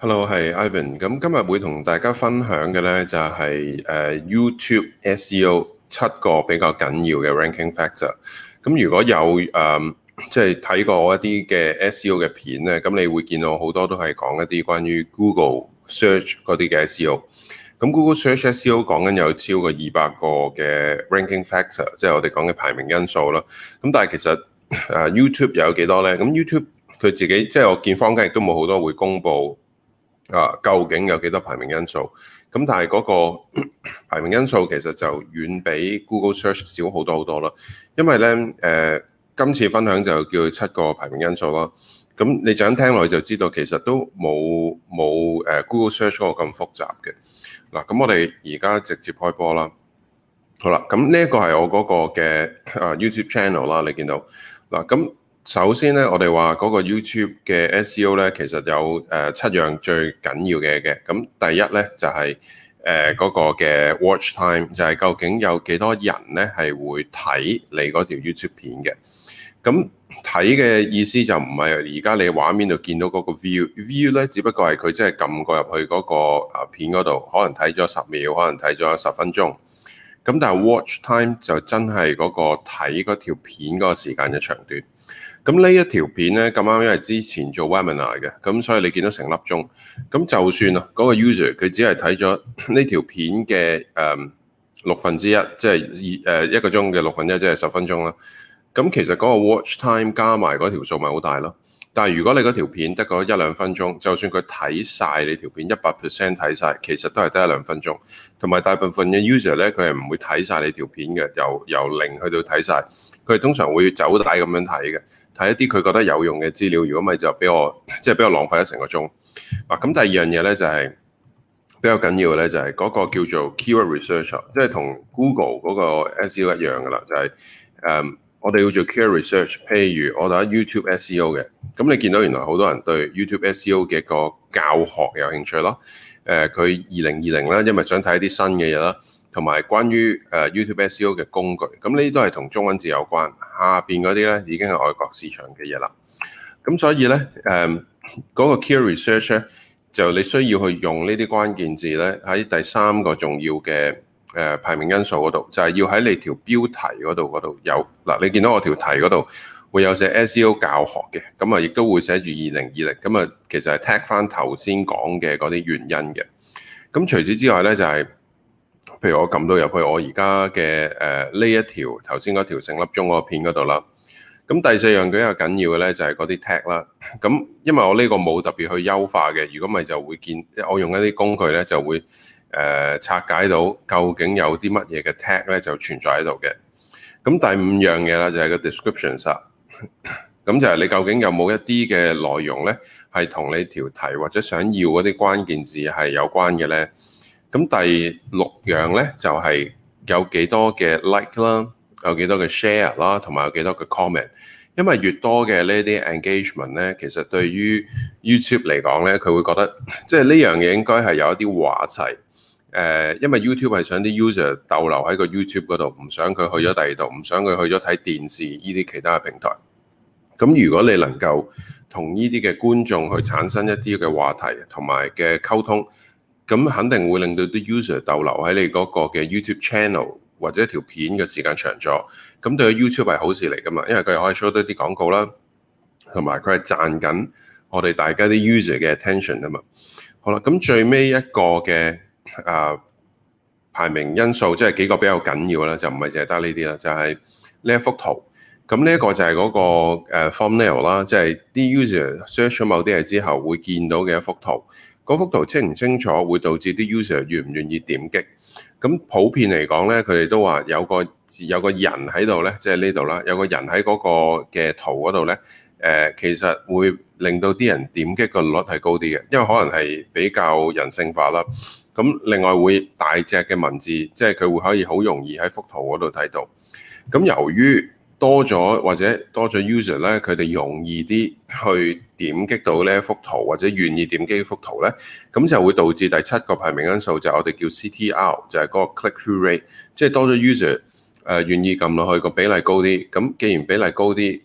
Hello，係 Ivan。咁今日會同大家分享嘅咧就係誒 YouTube S E O 七個比較緊要嘅 Ranking Factor。咁如果有誒即係睇過我一啲嘅 S E O 嘅片咧，咁你會見到好多都係講一啲關於 Google Search 嗰啲嘅 S E O。咁 Google Search S E O 講緊有超過二百個嘅 Ranking Factor，即係我哋講嘅排名因素啦。咁但係其實誒、呃、YouTube 有幾多咧？咁 YouTube 佢自己即係、就是、我見坊間亦都冇好多會公佈。啊，究竟有幾多排名因素？咁但係嗰、那個 排名因素其實就遠比 Google Search 少好多好多啦。因為咧，誒、呃、今次分享就叫七個排名因素咯。咁你陣聽落去就知道，其實都冇冇誒 Google Search 嗰個咁複雜嘅。嗱，咁我哋而家直接開波啦。好啦，咁呢一個係我嗰個嘅 YouTube Channel 啦，你見到嗱咁。首先咧，我哋話嗰個 YouTube 嘅 SEO 咧，其實有誒、呃、七樣最緊要嘅嘢嘅。咁第一咧就係誒嗰個嘅 Watch Time，就係究竟有幾多人咧係會睇你嗰條 YouTube 片嘅。咁睇嘅意思就唔係而家你畫面度見到嗰個 View View 咧，只不過係佢真係撳過入去嗰個啊片嗰度，可能睇咗十秒，可能睇咗十分鐘。咁、嗯、但係 Watch Time 就真係嗰個睇嗰條片嗰個時間嘅長短。咁呢一條片咧咁啱，因為之前做 webinar 嘅，咁所以你見到成粒鐘。咁就算啊，嗰個 user 佢只係睇咗呢條片嘅誒、呃、六分之一，即係二一個鐘嘅六分之一，即係十分鐘啦。咁其實嗰個 watch time 加埋嗰條數咪好大咯。但係如果你嗰條片得嗰一兩分鐘，就算佢睇晒你條片一百 percent 睇晒，其實都係得一兩分鐘。同埋大部分嘅 user 咧，佢係唔會睇晒你條片嘅，由由零去到睇晒，佢係通常會走帶咁樣睇嘅。睇一啲佢覺得有用嘅資料，如果唔係就俾我即係俾我浪費咗成個鐘。啊，咁第二樣嘢咧就係、是、比較緊要嘅咧，就係嗰個叫做 keyword research，即係同 Google 嗰個 S E O 一樣噶啦，就係、是、誒、嗯、我哋要做 keyword research。譬如我打 YouTube S E O 嘅，咁你見到原來好多人對 YouTube S E O 嘅個教學有興趣咯。誒、呃，佢二零二零咧，因為想睇一啲新嘅嘢啦。同埋關於誒 YouTube SEO 嘅工具，咁呢啲都係同中文字有關。下邊嗰啲咧已經係外國市場嘅嘢啦。咁所以咧，誒嗰個 key research 咧，就你需要去用呢啲關鍵字咧，喺第三個重要嘅誒、呃、排名因素嗰度，就係、是、要喺你條標題嗰度度有嗱，你見到我條題嗰度會有寫 SEO 教學嘅，咁啊亦都會寫住二零二零，咁啊其實係 tag 翻頭先講嘅嗰啲原因嘅。咁除此之外咧就係、是。譬如我撳到入去我，我而家嘅誒呢一條頭先嗰條成粒鐘嗰片嗰度啦。咁、嗯、第四樣比較緊要嘅咧，就係嗰啲 tag 啦。咁因為我呢個冇特別去優化嘅，如果唔係就會見，我用一啲工具咧就會誒、呃、拆解到究竟有啲乜嘢嘅 tag 咧就存在喺度嘅。咁、嗯、第五樣嘢啦、 嗯，就係個 description 啦。咁就係你究竟有冇一啲嘅內容咧，係同你條題或者想要嗰啲關鍵字係有關嘅咧？咁第六樣咧就係、是、有幾多嘅 like 啦，有幾多嘅 share 啦，同埋有幾多嘅 comment。因為越多嘅呢啲 engagement 咧，其實對於 YouTube 嚟講咧，佢會覺得即係呢樣嘢應該係有一啲話題。誒、呃，因為 YouTube 係想啲 user 逗留喺個 YouTube 嗰度，唔想佢去咗第二度，唔想佢去咗睇電視呢啲其他嘅平台。咁如果你能夠同呢啲嘅觀眾去產生一啲嘅話題同埋嘅溝通。咁肯定會令到啲 user 逗留喺你嗰個嘅 YouTube channel 或者一條片嘅時間長咗，咁對 YouTube 係好事嚟噶嘛？因為佢可以收到啲廣告啦，同埋佢係賺緊我哋大家啲 user 嘅 attention 啊嘛。好啦，咁最尾一個嘅啊排名因素，即係幾個比較緊要啦，就唔係淨係得呢啲啦，就係呢一幅圖。咁呢一個就係嗰個 uh formula 啦，即係啲 user search 咗某啲嘢之後會見到嘅一幅圖。嗰幅圖清唔清楚，會導致啲 user 願唔願意點擊？咁普遍嚟講咧，佢哋都話有個字，有個人喺度咧，即係呢度啦，有個人喺嗰個嘅圖嗰度咧，誒、呃，其實會令到啲人點擊個率係高啲嘅，因為可能係比較人性化啦。咁另外會大隻嘅文字，即係佢會可以好容易喺幅圖嗰度睇到。咁由於多咗或者多咗 user 咧，佢哋容易啲去點擊到呢一幅圖或者願意點擊幅圖咧，咁就會導致第七個排名因素就係、是、我哋叫 CTR，就係個 click through rate，即係多咗 user 誒、呃、願意撳落去個比例高啲。咁既然比例高啲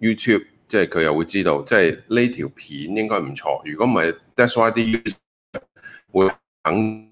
，YouTube 即係佢又會知道，即係呢條片應該唔錯，如果唔係 that's why 啲 user 會等。